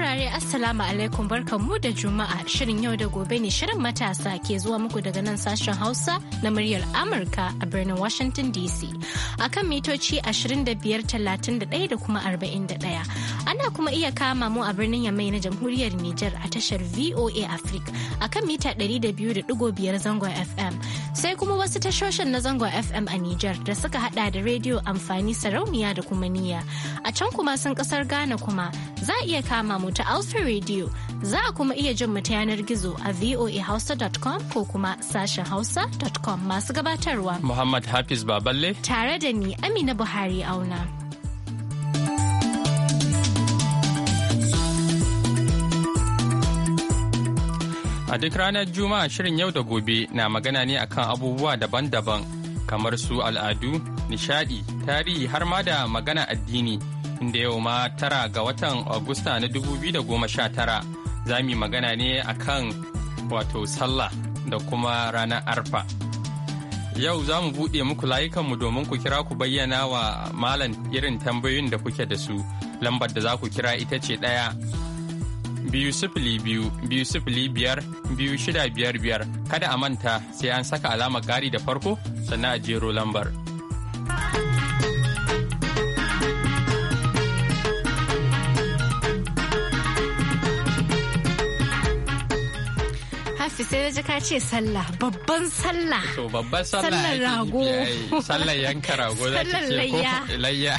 saurare Assalamu alaikum barkan mu da Juma'a shirin yau da gobe ne shirin matasa ke zuwa muku daga nan sashen Hausa na muryar Amurka a birnin Washington DC akan mitoci 25,31 da kuma 41. Ana kuma iya kama mu a birnin Yamai na Jamhuriyar Nijar a tashar VOA Africa a kan mita 200.5 zangon FM. Sai kuma wasu tashoshin na zangon FM a Nijar da suka hada da rediyo amfani sarauniya da kuma niyya A can kuma sun kasar Ghana kuma za a iya kama mu mu ta Alpha Radio za a kuma iya jin ta yanar gizo a voahausa.com ko kuma sashen hausa.com masu gabatarwa. Muhammad Hafiz Baballe. Tare da ni Amina Buhari auna. A duk ranar Juma'a shirin yau da gobe na magana ne akan abubuwa daban-daban kamar su al'adu, nishadi, tarihi har ma da magana addini. da yau ma tara ga watan Agusta na 2019 za mu magana ne a kan wato sallah da kuma ranar arfa. Yau za mu buɗe muku layukanmu domin ku kira ku bayyana wa malam irin tambayoyin da kuke da su. Lambar da za ku kira ita ce ɗaya biyu sifili biyu biyu sifili biyar biyu shida biyar biyar kada a manta sai an saka alamar gari da farko sannan a jero lambar. tafi sai ji ka ce sallah babban sallah to babban sallah sallar rago sallar yanka rago za ta ce ko layya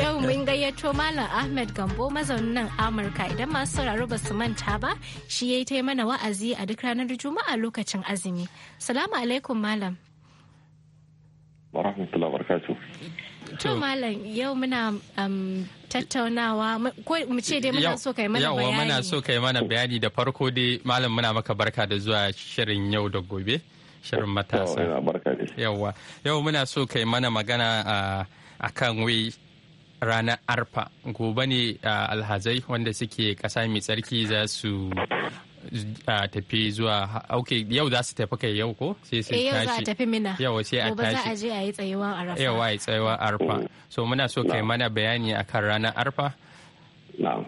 yau mun gayyato malam Ahmed Gambo mazaunin nan Amurka idan masu sauraro ba su manta ba shi yayi ta mana wa'azi a duk ranar Juma'a lokacin azumi salamu alaikum malam wa rahmatullahi to malam yau muna um, tattaunawa ko mu ce dai muna so kai mana bayani yawa muna so kai mana bayani da farko dai malam muna maka barka da zuwa shirin yau da gobe shirin matasa yawa yau muna so kai mana magana a kan wai ranar arfa gobe ne alhazai wanda suke kasa mai tsarki za su a tafi zuwa ok yau za su tafi kai yau ko sai sai tashi eh, yau za a tafi mina yau sai a tashi za a je a yi a rafa yau a yi a arfa so muna so kai mana bayani akan ranar arfa na'am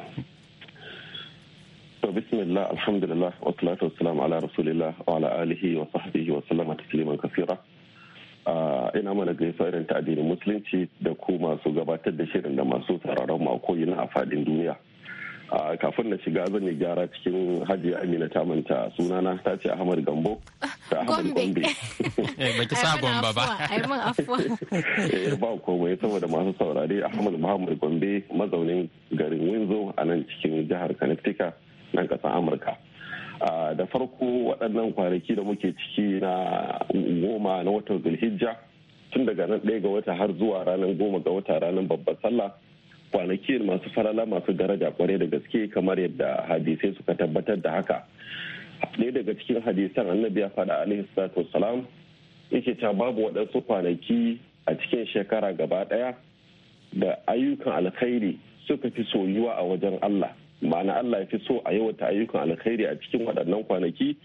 to bismillah alhamdulillah wa salatu wassalamu ala rasulillah wa ala alihi wa sahbihi wa sallama tasliman kaseera ah, ina mana gaisuwa irin ta addinin musulunci da kuma su gabatar da shirin da masu sauraron mu a koyina a fadin duniya kafin na shiga zan yi gyara cikin hajiya amina ta manta sunana ta ce ahmad gambo ah, da ahmad gombe eh, baki sa gomba ba eh, ba komai saboda masu saurari ahmad muhammad gombe mazaunin garin winzo a nan cikin jihar connecticut na kasar amurka da farko waɗannan kwanaki da muke ciki na goma na watan zulhijja tun daga nan ɗaya ga wata har zuwa ranar goma ga wata ranar babbar sallah kwanaki masu farala masu daraja kwarai da gaske kamar yadda hadisai suka tabbatar da haka ɗaya daga cikin hadisan annabi ya faɗa alaihi salatu wasalam yake ta babu waɗansu kwanaki a cikin shekara gaba ɗaya da ayyukan alkhairi suka fi soyuwa a wajen Allah ma'ana Allah ya fi so a yawata ayyukan alkhairi a cikin waɗannan kwanaki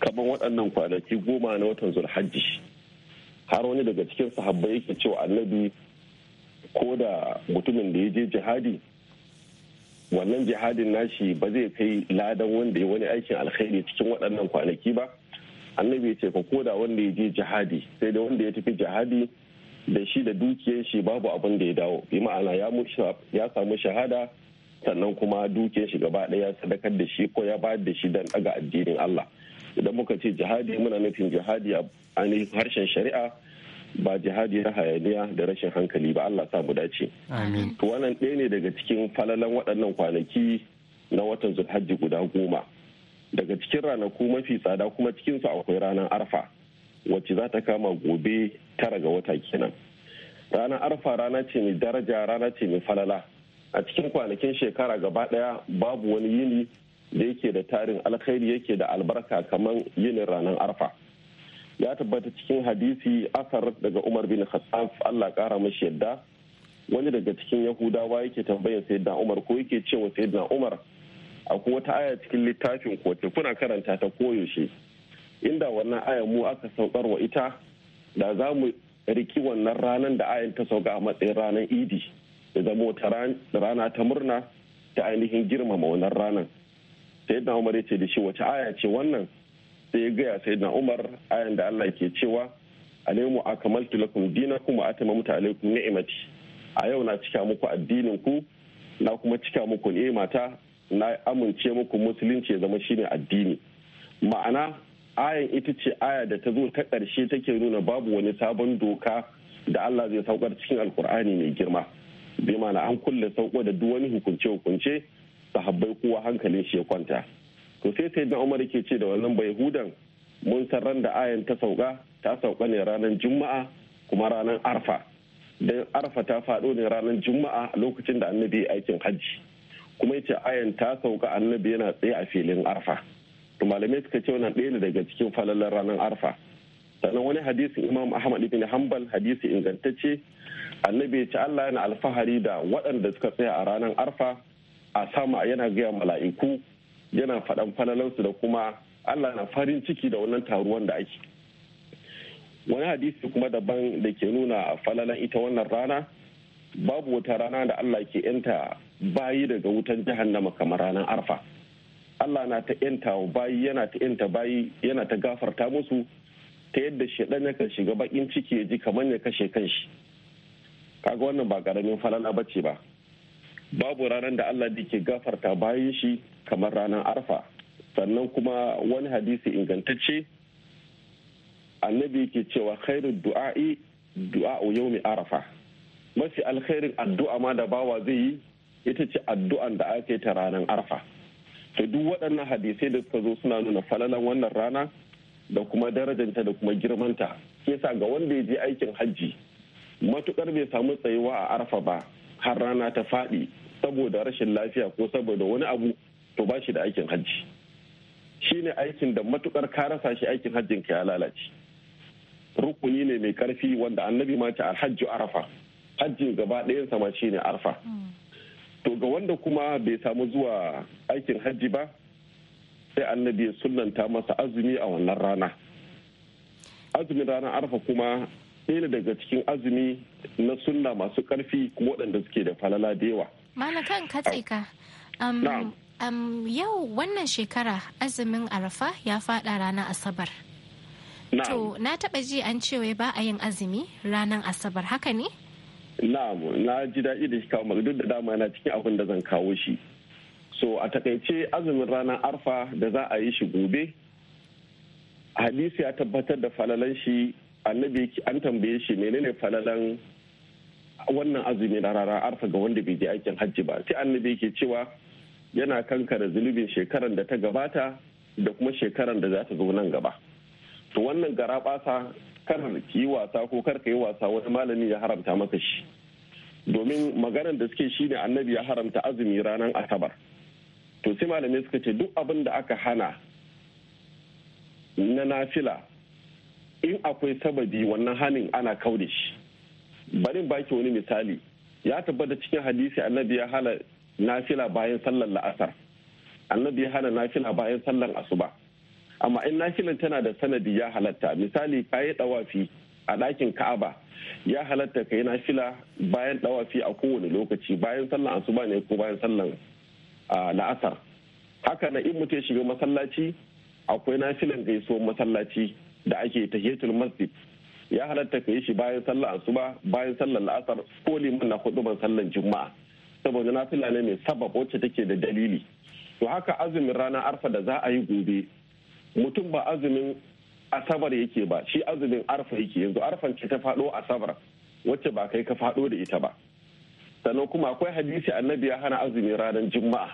kamar waɗannan kwanaki goma na watan zulhajji har wani daga cikin sahabbai yake cewa annabi ko da mutumin da ya je jihadi wannan jihadin nashi ba zai kai ladan wanda ya wani aikin alkhairi cikin waɗannan kwanaki ba annabi ce fa koda wanda ya je jihadi sai da wanda ya tafi jihadi da shi da dukiyar shi babu abin da ya dawo bi ma'ana ya samu shahada sannan kuma dukiyar shi gaba ɗaya sadakar da shi ko ya ba da shi dan daga addinin Allah idan muka ce jihadi muna nufin jihadi a harshen shari'a ba jihadi na hayaniya da rashin hankali ba Allah sa mu dace. To wannan ɗaya ne daga cikin falalan waɗannan kwanaki na watan Zulhajji guda goma. Daga cikin ranaku mafi tsada kuma cikinsu akwai ranar Arfa wacce za ta kama gobe tara ga wata kenan. Ranar Arfa rana ce mai daraja rana ce mai falala. A cikin kwanakin shekara gaba ɗaya babu wani yini da yake da tarin alkhairi yake da albarka kamar yinin ranar Arfa. ya tabbata cikin hadisi asar daga umar bin khattab allah kara mashi yadda wani daga cikin yahudawa yake tambayar sayyidina umar ko yake ce wa sayyidina umar akwai wata aya cikin littafin ko kotu kuna karanta ta koyaushe inda wannan aya mu aka saukar wa ita da za mu riki wannan ranar da ayan ta sauka a matsayin ranar idi da zama wata rana ta murna ta ainihin girmama wannan ranar sai umar ya ce da shi wace aya ce wannan sai ya gaya sai na umar ayan da allah ke cewa alaimu a kamaltu lakum dinakum wa atamamtu alaikum ni'imati a yau na cika muku addinin ku na kuma cika muku ni'imata na amince muku musulunci ya zama shine addini ma'ana ayan ita ce aya da ta zo ta ƙarshe take nuna babu wani sabon doka da Allah zai saukar cikin alkur'ani mai girma bi ma'ana an kulle sauko da duk wani hukunce hukunce sahabbai kowa hankalin shi ya kwanta to sai sai umar ke ce da wannan bai hudan mun san ran da ayan ta sauka ta sauka ne ranar juma'a kuma ranar arfa dan arfa ta faɗo ne ranar juma'a lokacin da annabi aikin hajji kuma yace ayan ta sauka annabi yana tsaye a filin arfa to malamai suka ce wannan ɗaya ne daga cikin falalar ranar arfa sannan wani hadisin imam ahmad ibn hanbal hadisi ingantacce annabi ya ce allah yana alfahari da waɗanda suka tsaya a ranar arfa a sama yana gaya mala'iku yana faɗan su da kuma allah na farin ciki da wannan taruwan da ake wani hadisi kuma daban da ke nuna falalan ita wannan rana babu wata rana da allah ke yanta bayi daga wutan jahannama kamar ranar arfa allah na ta yanta bayi yana ta yanta bayi yana ta gafarta musu ta yadda shaidan yakan shiga bakin ciki ya ji kamar ya kashe kanshi kaga wannan ba karamin falala bace ba babu ranar da Allah da ke gafarta bayan shi kamar ranar arfa sannan kuma wani hadisi ingantacce annabi ke cewa khairu du'a'i du'a'u mai arafa mafi alkhairin addu'a ma da bawa zai yi ita ce addu'an da ake ta ranar arfa to duk waɗannan hadisai da suka zo suna nuna falalan wannan rana da kuma darajanta da kuma girmanta sa ga wanda ya je aikin hajji matukar bai samu tsayuwa a arfa ba har rana ta faɗi saboda rashin lafiya ko saboda wani abu to ba shi da aikin hajji shi ne aikin da matukar ka rasa shi aikin hajjin ka ya lalace rukuni ne mai karfi wanda annabi ma ce alhajju arafa hajjin gaba ɗayan sama shi ne arfa to ga wanda kuma bai samu zuwa aikin hajji ba sai annabi ya sunanta masa azumi a wannan rana azumin ranar arfa kuma ɗaya daga cikin azumi na sunna masu ƙarfi kuma waɗanda suke da falala da yawa. Mana kan ka. Um, yau wannan shekara azumin arafa ya fada ranar asabar to na taba ji an cewa ba a yin azumi ranar asabar haka ne na'am na ji daɗi da shi kawo duk da dama yana cikin abin da zan kawo shi so a takaice azumin ranar arfa da za a yi shi gobe hadisi ya tabbatar da falalan shi annabi an tambaye shi menene falalan wannan azumi na ranar arfa ga wanda bai je aikin hajji ba sai annabi yake cewa yana kankara zunubin shekaran da ta gabata da kuma shekaran da za ta zo nan gaba to wannan garaɓasa kar ki yi wasa ko kar ka yi wasa wani malami ya haramta maka shi domin maganar da suke shine annabi ya haramta azumi ranar asabar to sai malamai suka ce duk abin da aka hana na nafila in akwai sababi wannan hanin ana kaure shi barin baki wani misali ya tabbata cikin hadisi annabi ya hana nafila bayan sallar la'asar annabi ya hana nafila bayan sallar asuba amma in nafilan tana da sanadi ya halatta misali ka yi dawafi a ɗakin ka'aba ya halatta ka yi nafila bayan dawafi a kowane lokaci bayan sallar asuba ne ko bayan sallar la'asar haka na in mutum ya shiga masallaci akwai nafilan gaisuwar masallaci da ake tahiyatul masjid ya halatta ka yi shi bayan sallar asuba bayan sallar la'asar ko liman na hudu ban sallar juma'a saboda na ne mai sabab wacce take da dalili to haka azumin ranar arfa da za a yi gobe mutum ba azumin asabar yake ba shi azumin arfa yake yanzu arfan ce ta faɗo asabar wacce ba kai ka fado da ita ba sannan kuma akwai hadisi annabi ya hana azumin ranar juma'a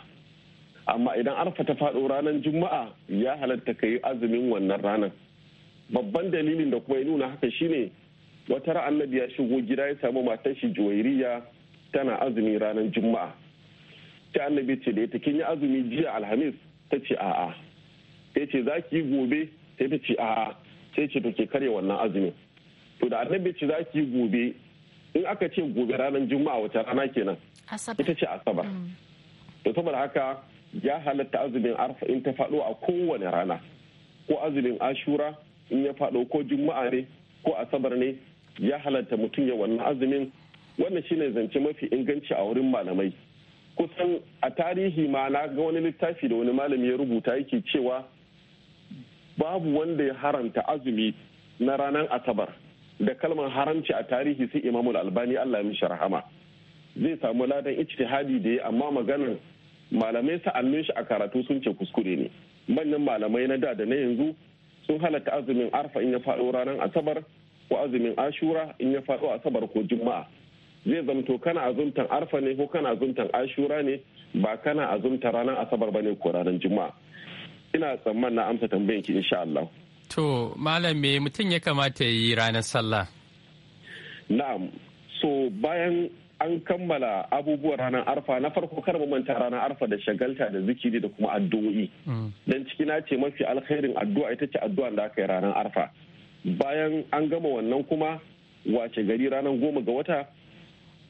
amma idan arfa ta fado ranar juma'a ya halatta ka yi azumin wannan ranar babban dalilin da kuma ya nuna haka shine wata annabi ya shigo gida ya samu matar shi juwairiya tana azumi ranar juma'a ta annabi ce da ita kin yi azumi jiya alhamis ta ce a'a ta ce za ki yi gobe sai ta ce a'a sai ce to ke karya wannan azumi to da annabi ce za ki yi gobe in aka ce gobe ranar juma'a wata rana kenan ita ce asabar mm. to saboda haka ya halatta azumin arfa in ta faɗo a kowane rana ko azumin ashura in ya faɗo ko juma'a ne ko asabar ne ya halatta mutum ya wannan azumin wannan shine zance mafi inganci a wurin malamai kusan a tarihi ma na ga wani littafi da wani malami ya rubuta yake cewa babu wanda ya haramta azumi na ranar asabar da kalmar haramci a tarihi sai imamul albani allah ya mishi rahama zai samu ladan ijtihadi da ya amma maganar malamai sa'annin shi a karatu sun ce kuskure ne manyan malamai na da da na yanzu sun halatta azumin arfa in ya faɗo ranar asabar ko azumin ashura in ya faɗo asabar ko juma'a zai zamto kana azumtan arfa ne ko kana azumtan ashura ne ba kana azumta ranar asabar ba ne ko ranar juma'a ina tsamman na amsa tambayan ki insha Allah to malam me mutum ya kamata yi ranar sallah na'am so bayan an kammala abubuwan ranar arfa na farko kar mu manta ranar arfa da shagalta da zikiri da kuma addu'o'i mm. dan ciki na ce mafi alkhairin addu'a ita ce addu'a da aka yi ranar arfa bayan an gama wannan kuma wace gari ranar goma ga wata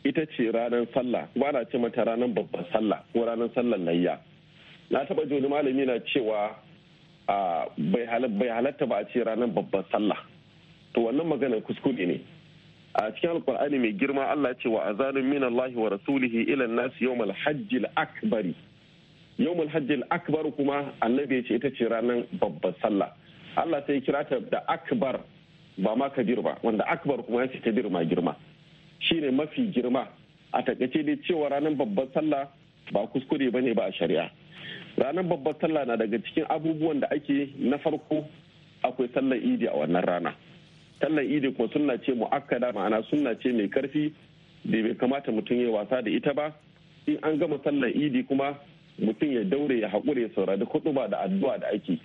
ita ce ranar sallah kuma ana ce mata ranar babban sallah ko ranar sallar layya na taba joni malami na cewa bai halatta ba a ce ranar babban sallah to wannan maganar kuskure ne a cikin alkur'ani mai girma Allah ce wa azanin min wa rasulihi ilan nasu yawmal hajjil akbari yau hajjil akbar kuma annabi ce ita ce ranar babban sallah Allah sai kira ta da akbar ba ma kabir ba wanda akbar kuma ya ce kabir ma girma shine mafi girma a takaice dai cewa ranar babbar sallah ba kuskure ba ne ba a shari'a ranar babbar sallah na daga cikin abubuwan da ake na farko akwai sallar idi a wannan rana sallar idi kuma sunna ce mu'akkada ma'ana sunna ce mai karfi da bai kamata mutum ya wasa da ita ba in an gama sallar idi kuma mutum ya daure ya haƙure ya saurari kuɗuba da addu'a da ake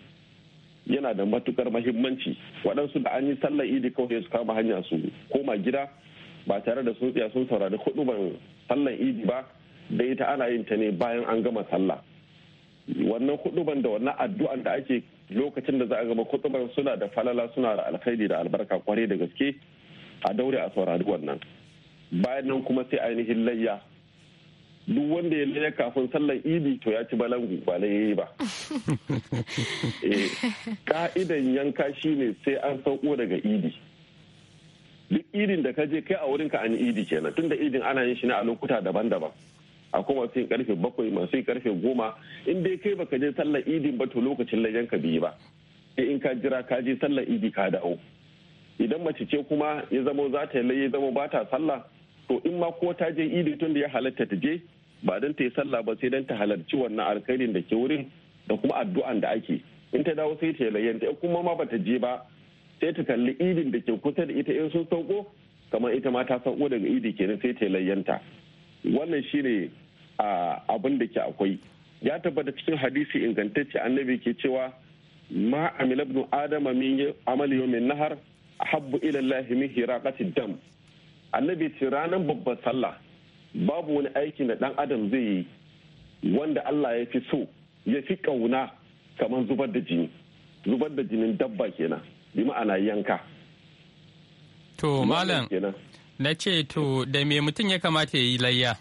yana da matukar mahimmanci waɗansu da an yi sallar idi kawai su kama hanya su koma gida ba tare da sun tsaya sun saurari ban sallan idi ba da ita ana yin ta ne bayan an gama sallah wannan ban da wannan addu'an da ake lokacin da za a gama ban suna da falala suna da alkhairi da albarka kwarai da gaske a daure a saurari wannan bayan nan kuma sai ainihin layya duk wanda ya laya kafin sallan idi to ya ci balangu ba yayi ba eh, ka'idan yanka shine sai an sauko daga idi duk idin da ka je kai a wurinka an idi kenan tunda idin ana yin shi ne a lokuta daban-daban akwai masu yin karfe bakwai masu yin karfe goma in dai kai baka je sallar idin ba to lokacin lajen ka biyu ba sai in ka jira ka je sallar idi ka dawo idan mace ce kuma ya zamo za ta yi ya zamo ba ta sallah to in ma ko ta je idi tun da ya halatta ta je ba don ta yi sallah ba sai don ta halarci wannan alkhairin da ke wurin da kuma addu'an da ake in ta dawo sai ta yi layyan kuma ma ba ta je ba sai ta kalli idin da ke kusa da ita in sun sauko kamar ita ma ta sauko daga idi kenan sai ta layyanta wannan shine abin da ke akwai ya tabbata cikin hadisi ingantacce annabi ke cewa ma amila ibn a min amali yawmin nahar habbu ila allah hira hiraqati dam annabi ce ranar babban sallah babu wani aiki da dan adam zai yi wanda Allah ya fi so ya fi kauna kamar zubar da jini zubar da jinin dabba kenan bi ma'ana yanka to malam na ce to da me mutum ya kamata ya yi layya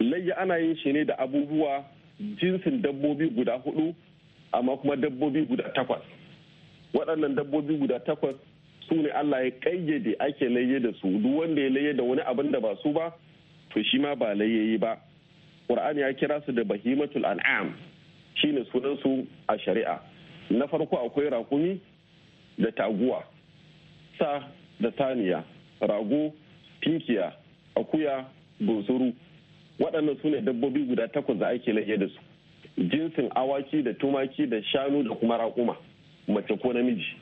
layya ana yin shi ne da abubuwa jinsin dabbobi guda hudu amma kuma dabbobi guda takwas waɗannan dabbobi guda takwas su ne Allah ya kayyade ake layye da su duk wanda ya layye da wani abin da ba su ba to shi ma ba layyayi ba Qur'ani ya kira su da bahimatul an'am shine sunansu sunansu a shari'a na farko akwai raƙumi. da taguwa sa da saniya rago tinkiya akuya bunsuru waɗannan su ne dabbobi guda takwas da ake laye da su jinsin awaki da tumaki da shanu da kuma raƙuma mace ko namiji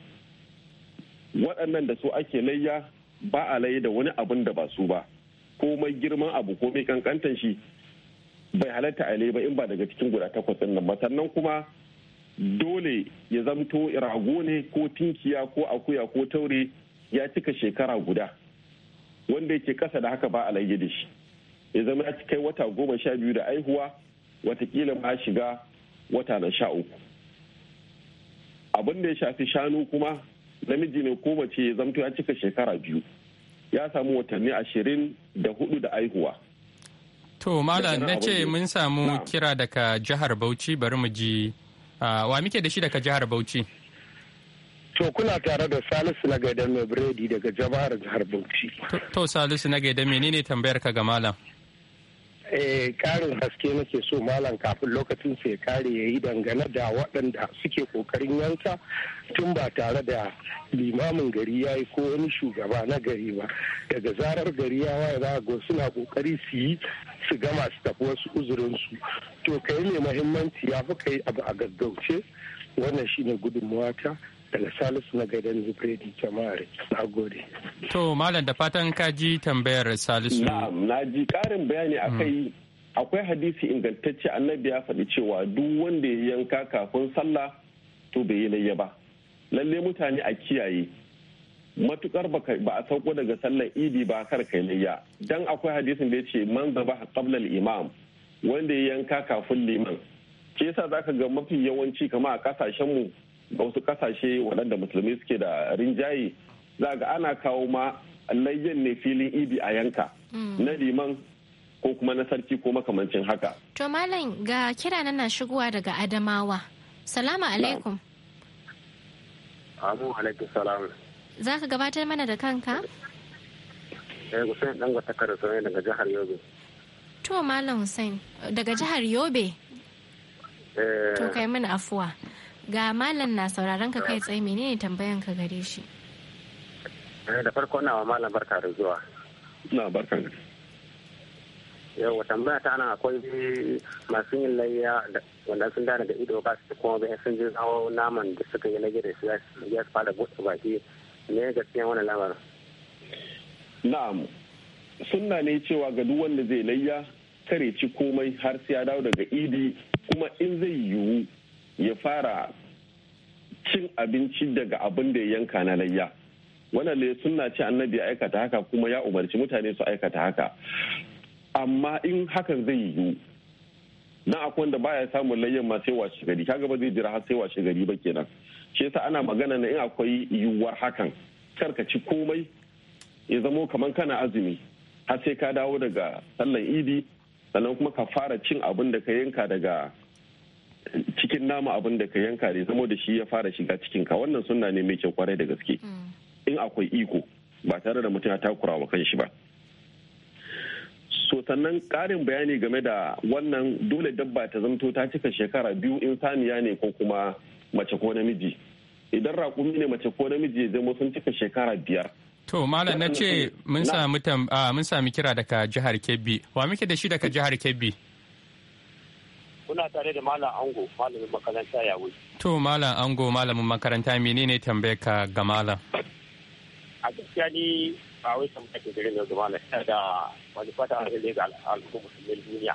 waɗannan da su ake layya ba a laye da wani abin da ba su ba komai girman abu ko mai kankantan shi bai halatta a ba in ba daga cikin guda takwas ɗin nan ba sannan kuma dole ya zamto rago ne ko tinkiya ko akuya ko taure ya cika shekara guda wanda yake kasa da haka ba a da shi ya zama ya kai wata goma sha biyu da aihuwa watakila ma shiga wata na sha uku abin da ya shafi shanu kuma namiji ne ko mace ya zamto ya cika shekara biyu ya samu watanni ashirin da hudu da aihuwa to malam na ce mun samu kira daga jihar bauchi bari mu ji Ah, wa muke da shi daga jihar Bauchi? To kuna tare da Salisu na gaida mai biredi daga jihar Bauchi. To Salisu na gaida menene tambayar ka ga malam? ƙarin eh, haske nake so malam kafin lokacin sai kare ya yi dangane da waɗanda suke ƙoƙarin yanka tun ba tare da limamin gari ya yi ko wani shugaba na gari ba daga zarar gari ya waye za ga suna ƙoƙari su yi su gama su tafi wasu uzurinsu to kai mai mahimmanci ya fi kai abu a gaggauce wannan shine gudunmawata daga salisu na gaidan zubredi jama'ar na gode to malam da fatan ka ji tambayar salisu na'am na ji karin bayani akai mm. akwai hadisi ingantacce annabi ya faɗi cewa duk wanda ya yanka kafin sallah to bai yi layya ba lalle mutane a kiyaye matukar ba a sauko daga sallar idi ba kar kai layya dan akwai hadisin da ya man zaba qabla imam wanda ya yanka kafin liman ke yasa zaka ga mafi yawanci kama a kasashen mu wasu kasashe waɗanda musulmi suke da rinjaye za ga ana kawo ma layyan ne filin idi a yanka mm. na liman ko kuma na sarki ko makamancin haka. To malam ga kira na shigowa daga Adamawa. Salamu alaikum. Amu alaikum salam. Za ka gabatar mana da kanka? Eh Hussein dan ga takara sai daga jihar Yobe. To malam Hussein daga jihar Yobe. Eh to kai mana afuwa. ga malam na sauraron ka kai tsaye menene tambayan ka gare shi eh, da farko na wa malam barka da zuwa na barka tambaya ta nan akwai masu yin layya wanda sun dana da ido ba su kuma bayan sun ji zawo naman da suka yi na da su ya su fara buɗe baki ne ga cikin wani lamarin na'am sunna ne cewa ga duk wanda zai layya kare ci komai har sai ya dawo daga idi kuma in zai yiwu ya fara cin abinci daga abin da ya yanka na layya wannan ne suna ce annabi ya aikata haka kuma ya umarci mutane su aikata haka amma in hakan zai yiwu na akwai wanda baya samun layyan ma sai washe gari kaga ba zai jira har sai washe gari ba kenan shi yasa ana magana na in akwai yiwuwar hakan kar ka ci komai ya zamo kamar kana azumi har sai ka dawo daga sallan idi sannan kuma ka fara cin abin da ka yanka daga cikin nama abin da ka yanka ne zama da shi ya fara shiga cikin ka wannan sunna ne mai kyau kwarai da gaske mm. in akwai iko ba tare da mutum ya takura wa kanshi ba so sannan karin bayani game da wannan dole dabba ta zamto ta cika shekara biyu in saniya ne ko kuma mace ko namiji idan raƙumi ne mace ko namiji ya zama sun cika shekara biyar To Malam na ce mun sami ah, kira daga jihar Kebbi. Wa muke da shi daga jihar Kebbi? kuna tare da malam ango malamin makaranta ya wuce. to malam ango malamin makaranta menene tambayar ka ga malam a gaskiya ni ba wai tambaya ke gare ne ga malam da wani fata a gare ga al'ummar duniya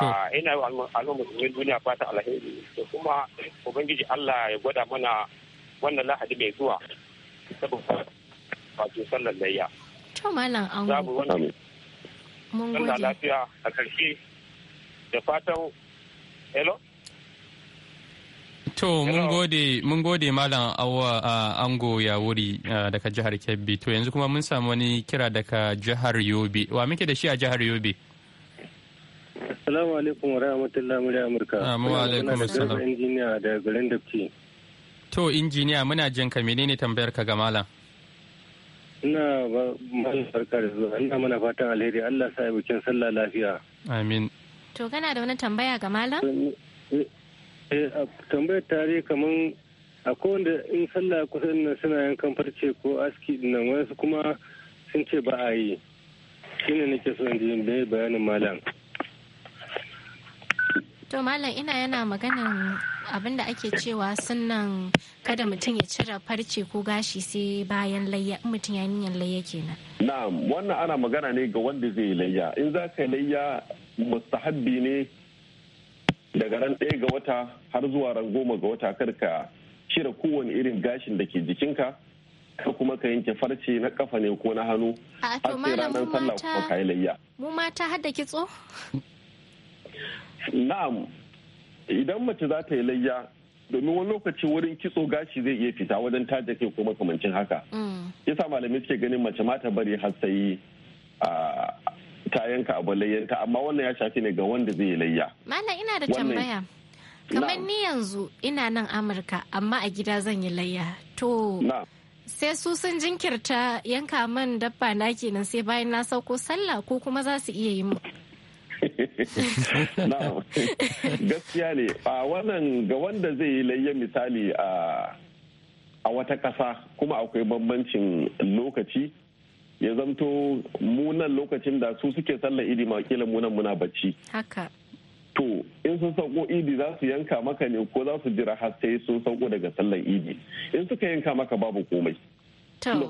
ah, ina yi musulmin duniya fata alheri da kuma ubangiji allah ya gwada mana wannan lahadi mai zuwa saboda wato sallar layya. to malam ango mun gode. Allah lafiya a ƙarshe da fatan hello To mun gode mun gode malam awa ango ya wuri daga jihar Kebbi to yanzu kuma mun samu wani kira daga jihar Yobe wa muke da shi a jihar Yobe Assalamu alaikum wa rahmatullahi wa Amurka ah, Wa alaikum assalam injiniya da garin Dabti. To injiniya muna jin ka menene tambayar ka ga malam Ina ba mun farka da zuwa ina mana fatan alheri Allah sa bukin sallah lafiya Amin To kana da wani tambaya ga malam? Eh, eh, tambayar tare kamar akwai wanda in sallah kusan nan suna yankan farce ko aski nan wasu kuma sun ce ba a yi shine nake so in ji bayanin malam to malam ina yana maganin abin da ake cewa sunan kada mutum ya cire farce ko gashi sai bayan layya in mutum ya yin layya kenan na'am wannan ana magana ne ga wanda zai yi layya in za ka layya mustahabbi ne daga ran ɗaya ga wata har zuwa ran goma ga wata kar ka cire kowane irin gashin da ke jikinka ka kuma ka yanke farce na kafa ne ko na hannu a ranar sallah kuma ka yi layya. Mu mata hada kitso? Na'am, idan mace za ta yi layya domin wani lokaci wurin kitso gashi zai iya fita wajen taje kai ko makamancin haka. Mm. Yasa malamai suke ganin mace mata bari har sai ah, kayanka abu layyanta amma wannan ya shafi ne ga wanda zai layya malam ina da tambaya kamar ni yanzu ina nan amurka amma a gida zan yi layya to sai su sun jinkirta yanka man dabba na kenan sai bayan na sauko sallah ko kuma za su iya yi mu gaskiya ne a wannan ga wanda zai yi layya misali a wata ƙasa kuma akwai bambancin lokaci ya zamto munan lokacin da su suke sallar idi ma kila munan muna bacci haka to in sun sauko idi za su yanka maka ne ko za su jira har sai sun sauko daga sallar idi in suka yanka maka babu komai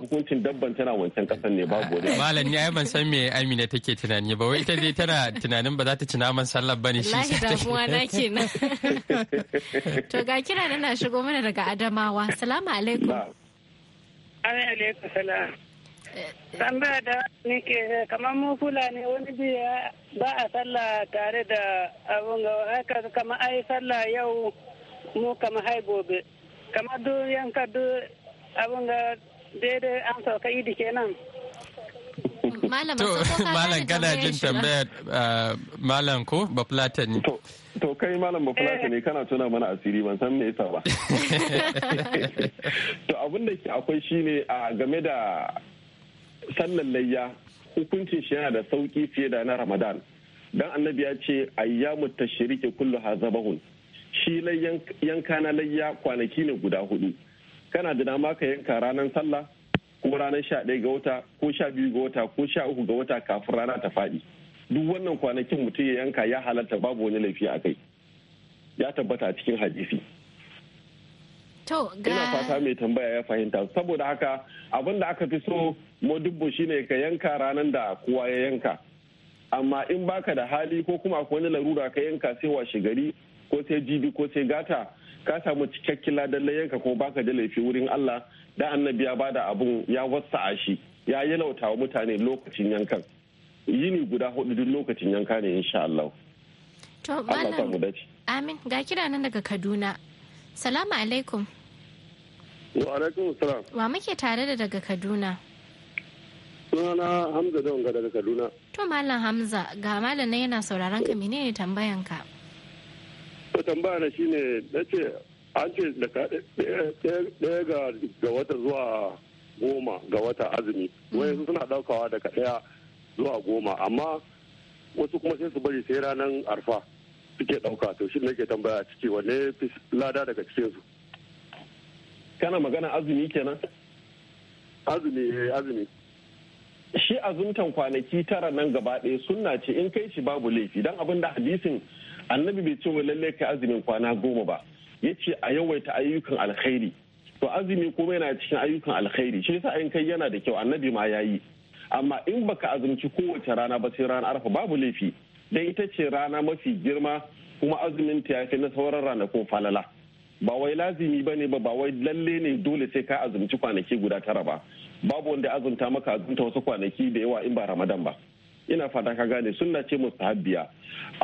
hukuncin dabban tana wancan kasan ne babu wani malam ni ai ban san me Amina take tunani ba wai ita dai tana tunanin ba za ta ci naman sallar bane shi ta damuwa na kenan to ga kira na shigo mana daga Adamawa salamu alaikum alaikum salam ba da nike kamar mu fulani wani biya ba a sallah tare da abun ga haka kamar ai sallah yau mu kama hai gobe kamar duk yanka do abun ga daidai an sauka idi kenan malam kada jin tambayar uh, malam ko plata ne to kai malam plata ne eh. kana tuna mana asiri ban san me yasa ba to abin da akwai shine a game da sallan layya hukuncin shi yana da sauki fiye da na ramadan dan annabi ya ce ayyamu tashriki kullu hazabahun shi layyan yanka na layya kwanaki ne guda hudu kana da dama ka yanka ranar sallah ko ranar sha ga wata ko sha biyu ga wata ko sha uku ga wata kafin rana ta fadi duk wannan kwanakin mutum ya yanka ya halatta babu wani laifi a kai ya tabbata a cikin hadisi ina fata mai tambaya ya fahimta saboda haka abin da aka fi so modibbo shine ka yanka ranar da kowa ya yanka amma in baka da hali ko kuma akwai wani larura ka yanka sai washe gari ko sai jibi ko sai gata ka samu cikakken ladan yanka ko baka da laifi wurin Allah da annabi ya bada abun ya wasa a shi ya yi wa mutane lokacin yankan yini guda hudu duk lokacin yanka ne insha Allah to malam amin ga kira nan daga Kaduna salamu alaikum Wa salam. Wa muke tare da daga Kaduna? Sunana Hamza Donga daga Kaduna. To Malam Hamza, ga malam na yana sauraron ka menene tambayan ka? To tambaya na shine nace an ce daga ɗaya ga ga wata zuwa goma ga wata azumi. Mm. Wani suna daukawa daga ɗaya zuwa goma amma wasu kuma sai su bari sai ranar arfa suke dauka to shi ne ke tambaya ciki wanne lada daga cikinsu. kana magana azumi kenan azumi eh, azumi shi azumtan kwanaki tara nan gaba ɗaya sunna ce in kai shi babu laifi don abin da hadisin annabi bai ce wa lalle ka azumin kwana goma ba ya ce a yawaita ayyukan alkhairi to azumi kuma yana cikin ayyukan alkhairi shi yasa in kai yana da kyau annabi ma yayi amma in baka azumci kowace rana ba sai ranar arfa babu laifi dan ita ce rana mafi girma kuma azumin ta yafi na sauran ranakun falala ba wai lazimi ba ne ba ba wai lalle ne dole sai ka azumci kwanaki guda tara ba babu wanda azumta maka azumta wasu kwanaki da yawa in ba ramadan ba ina fata ka gane sunna ce mu sahabbiya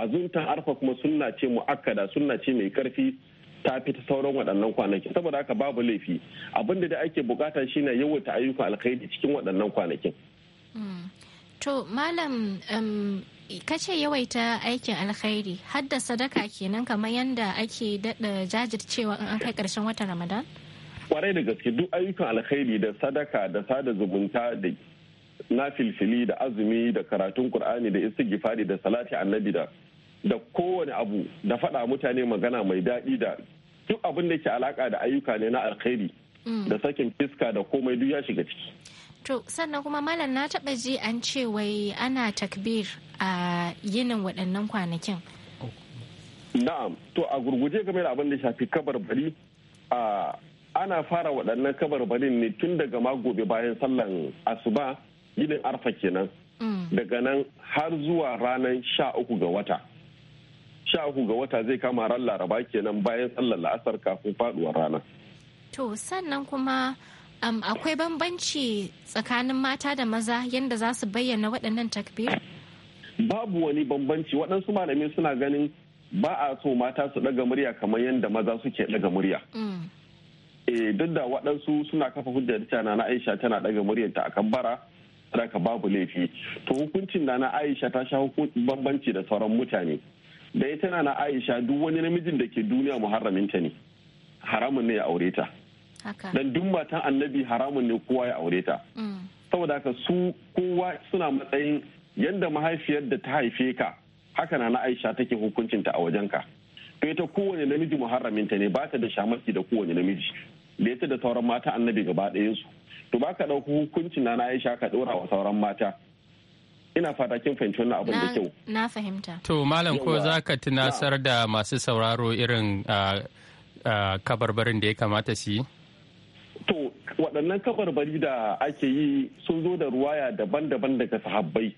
azumta arfa kuma sunna ce mu muakkada sunna ce mai karfi ta fi ta sauran waɗannan kwanakin saboda haka babu laifi abinda da ake bukata shine yawaita ayyukan alkhairi cikin waɗannan kwanakin hmm. to malam kace yawaita aikin alkhairi hadda sadaka kenan kamar yadda ake dada jajircewa in an kai karshen watan ramadan kwarai da gaske duk ayyukan alkhairi da sadaka da sada zumunta da na filfili da azumi da karatun kur'ani da istighfari da salati annabi da da kowane abu da faɗa mutane magana mai daɗi da duk abin da ke alaka da ayyuka ne na alkhairi mm. da sakin fiska da komai duk ya shiga ciki To sannan kuma malam na taɓa ji an ce wai ana takbir a yinin waɗannan kwanakin. Na'am, to a gurguje game da abin da shafi kabar bari ana fara waɗannan kabar barin ne tun daga ma gobe bayan sallan asuba yinin arfa kenan. Mm. Daga nan har zuwa ranar sha uku ga wata. Sha uku ga wata zai kama ran laraba kenan bayan sallar la'asar kafin faɗuwar rana. To sannan kuma um, akwai bambanci tsakanin mata da maza yadda za su bayyana waɗannan takbir? babu wani bambanci waɗansu malami suna ganin ba a so mata su ɗaga murya kamar yadda maza suke ɗaga murya e, duk da waɗansu suna kafa hujjar cewa na aisha tana ɗaga muryarta a kambara ka babu laifi to hukuncin na aisha ta sha hukuncin bambanci da sauran mutane da ya na na aisha duk wani namijin da ke duniya muharraminta ne haramun ne ya aure ta dan duk matan annabi haramun ne kowa ya aure ta mm. saboda haka su kowa suna matsayin yadda mahaifiyar da ta haife ka haka na na aisha take hukuncinta a wajen ka. to ita kowane namiji muharraminta ne ba ta da shamaki da kowane namiji da ita da sauran mata annabi gaba su to ba ka ɗauki hukuncin na na aisha ka ɗora wa sauran mata ina fata kin fahimci wannan abin da kyau na fahimta to malam ko za ka tunasar da masu sauraro irin ah, ah, kabarbarin da ya kamata su yi to waɗannan kabarbari da ake yi sun zo da ruwaya daban-daban daga sahabbai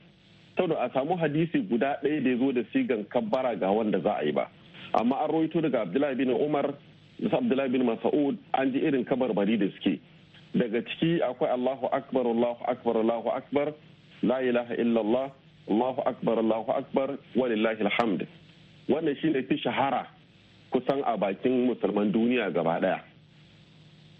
saboda a samu hadisi guda ɗaya da ya zo da sigan kabbara ga wanda za a yi ba amma an roito daga abdullahi bin umar da abdullahi bin mas'ud an ji irin kabarbari da suke daga ciki akwai allahu akbar allahu akbar allahu akbar la ilaha illallah allahu akbar allahu akbar walillahi alhamd wannan shine fi shahara kusan a bakin musulman duniya gaba ɗaya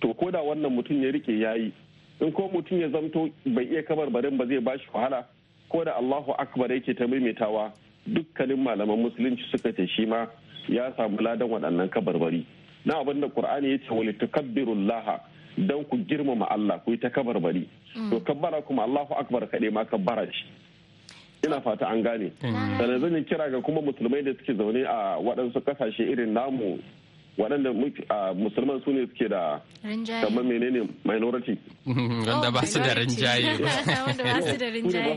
to ko da wannan mutum ya rike yi, in ko mutum ya zamto bai iya kabar barin ba zai bashi wahala ko da Allahu akbar yake ta maimaitawa dukkanin malaman musulunci suka ce shi ma ya samu ladan waɗannan kabarbari na abin da Qur'ani ya ce wali tukabbirullah dan ku girmama Allah ku yi ta kabarbari to kabbara kuma Allahu akbar kaɗai ma kabbara shi ina fata an gane sannan zan kira ga kuma musulmai da suke zaune a waɗansu kasashe irin namu waɗanda musulman su ne suke da kamar menene minority wanda ba su da rinjaye ba su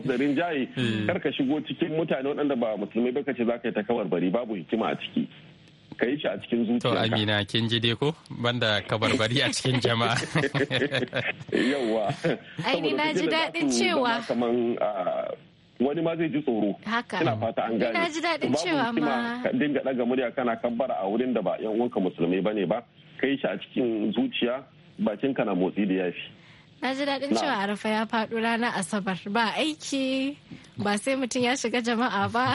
da rinjaye eh. kar ka shigo cikin mutane waɗanda ba musulmai ba ka ce za ka yi ta kawar bari babu hikima a ciki ka yi shi a cikin zuciya. To Amina kin ji dai ko banda kabarbari a cikin jama'a. Yawwa. Ai ni na ji daɗin cewa. wani ma zai ji tsoro ina fata an gane ji daɗin ma ka dinga ɗaga murya kana kabbara a wurin da ba yan uwanka musulmai bane ba kai shi a cikin zuciya bakin ka na motsi da yafi na ji daɗin cewa arafa ya faɗo ranar asabar ba aiki ba sai mutum ya shiga jama'a ba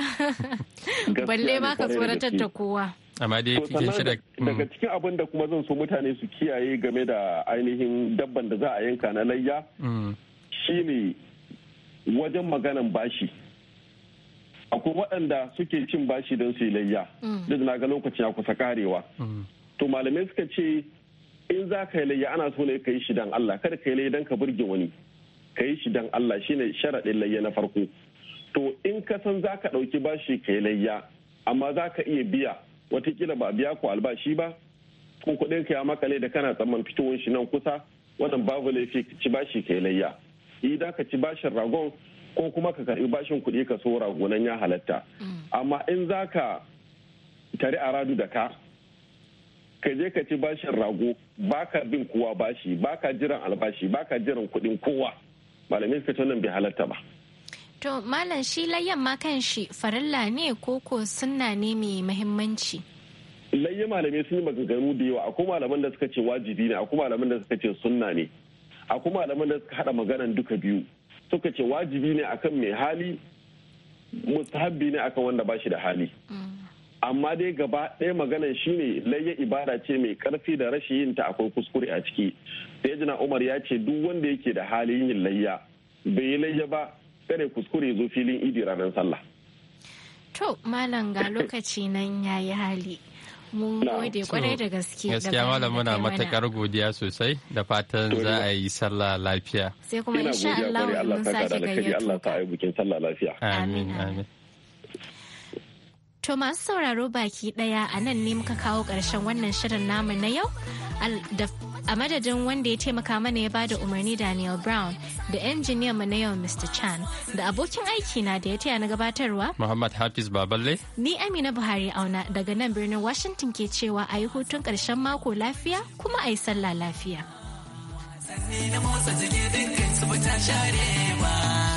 balle ma ka tsoratar da kowa daga mm. cikin abin da kuma zan so mutane su kiyaye game da ainihin dabban da za a yanka na layya mm. shine wajen maganan bashi akwai waɗanda suke cin bashi don su yi layya mm. duk na ga lokacin ya kusa karewa mm. to malamai suka ce in za ka yi layya ana so ne ka yi shi dan Allah kada ka yi layya don ka burge wani ka yi shi dan Allah shine sharaɗin layya na farko to in ka san za ka ɗauki bashi ka yi layya amma za ka iya biya wata watakila ba biya ku albashi ba ko kuɗin ka ya makale da kana tsamman fitowar shi nan kusa wannan babu laifi ci bashi ka yi layya idan ka ci bashin ragon ko kuma ka karbi bashin kuɗi ka so ragonan ya halatta amma in za ka tari a radu da ka ka je ka ci bashin rago baka bin kowa bashi baka jiran albashi baka jiran kuɗin kowa malamai suka ce nan bai halatta ba to malam shi layyan ma kan shi farilla ne ko ko sunna ne mai muhimmanci layyan malamai sun yi maganganu da yawa akwai malaman da suka ce wajibi ne akwai malaman da suka ce sunna ne a kuma da da suka hada maganan duka biyu suka ce wajibi ne akan mai hali mustahabbi ne akan wanda ba shi da hali amma dai gaba ɗaya maganan shine layya ibada ce mai karfi da rashin yin ta akwai kuskure a ciki sai jina umar ya ce duk wanda yake da halin yin layya bai yi layya ba kare kuskure zo filin idi ranar sallah to malam ga lokaci nan yayi hali Mun gode kwarai da gaske. Gaskiya malam muna matakar godiya sosai da fatan za a yi sallah lafiya. Sai kuma insha Allah mun sake gayyato. Allah ta bikin sallah lafiya. Amin amin. To masu sauraro baki daya a nan ne muka kawo ƙarshen wannan shirin namu na yau a madadin wanda ya taimaka mana ya bada umarni Daniel Brown da injiniyan mu na yau Mr. Chan da abokin aiki na da ya taya na gabatarwa. Muhammad Hafiz Baballe. Ni Amina Buhari auna daga nan birnin Washington ke cewa a yi hutun karshen mako lafiya kuma a yi sallah lafiya. Sanni na motsa jini dinkin su sharewa.